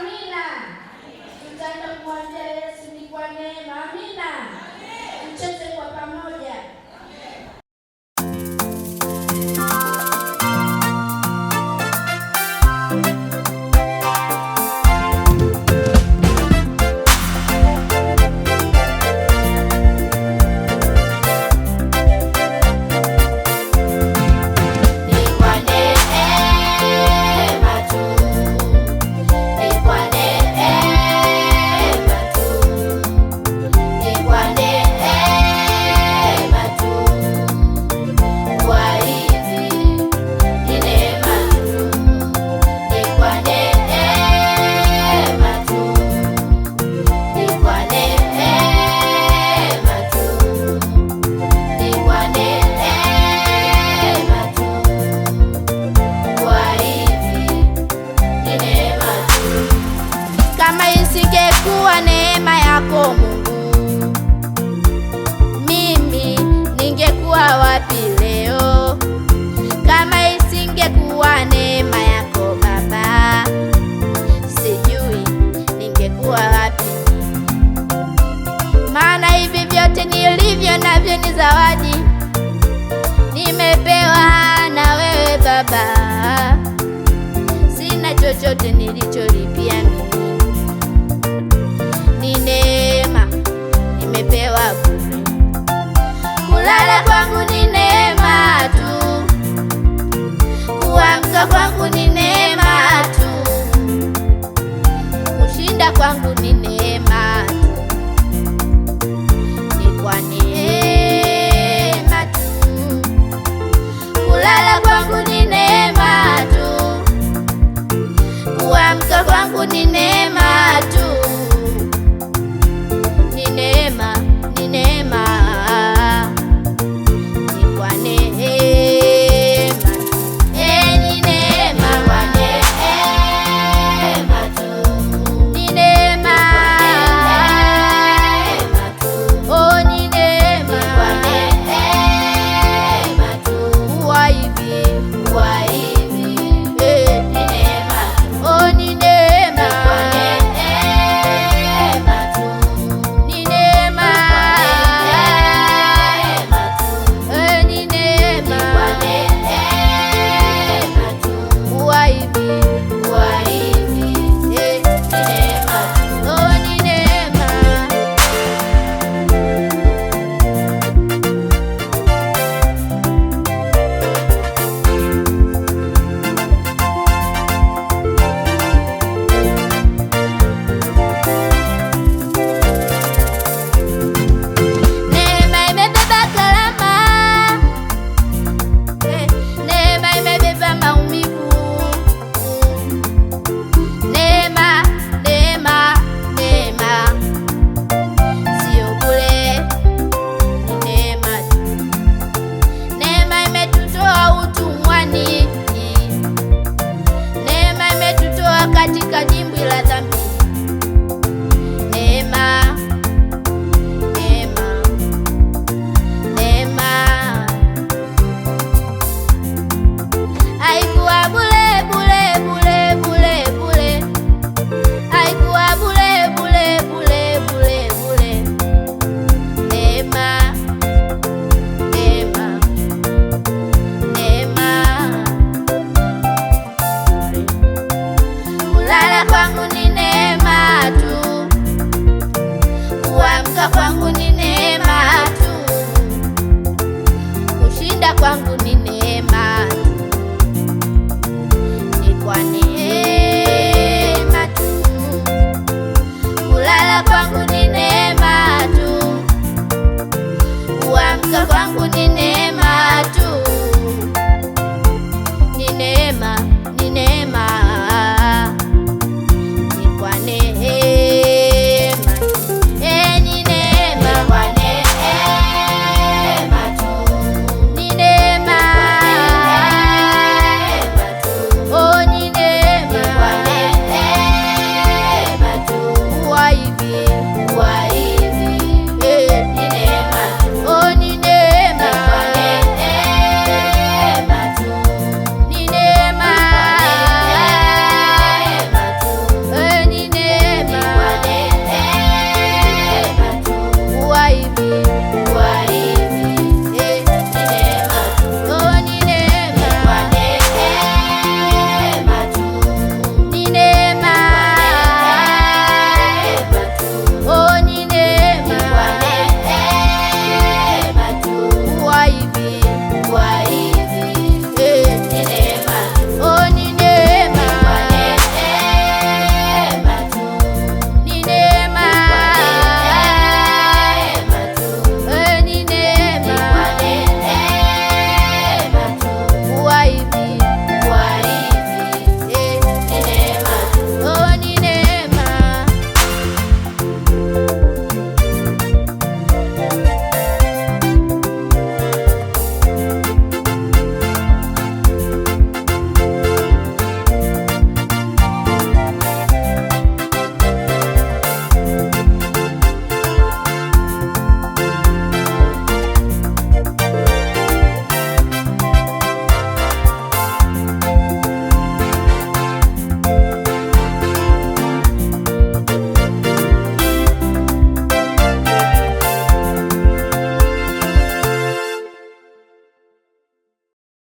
Aminan. Kita nak buat dia. nilicholipia mimi ni neema, nimepewa bure. Kulala kwangu ni neema tu, kuamka kwangu ni neema tu, kushinda kwangu putting it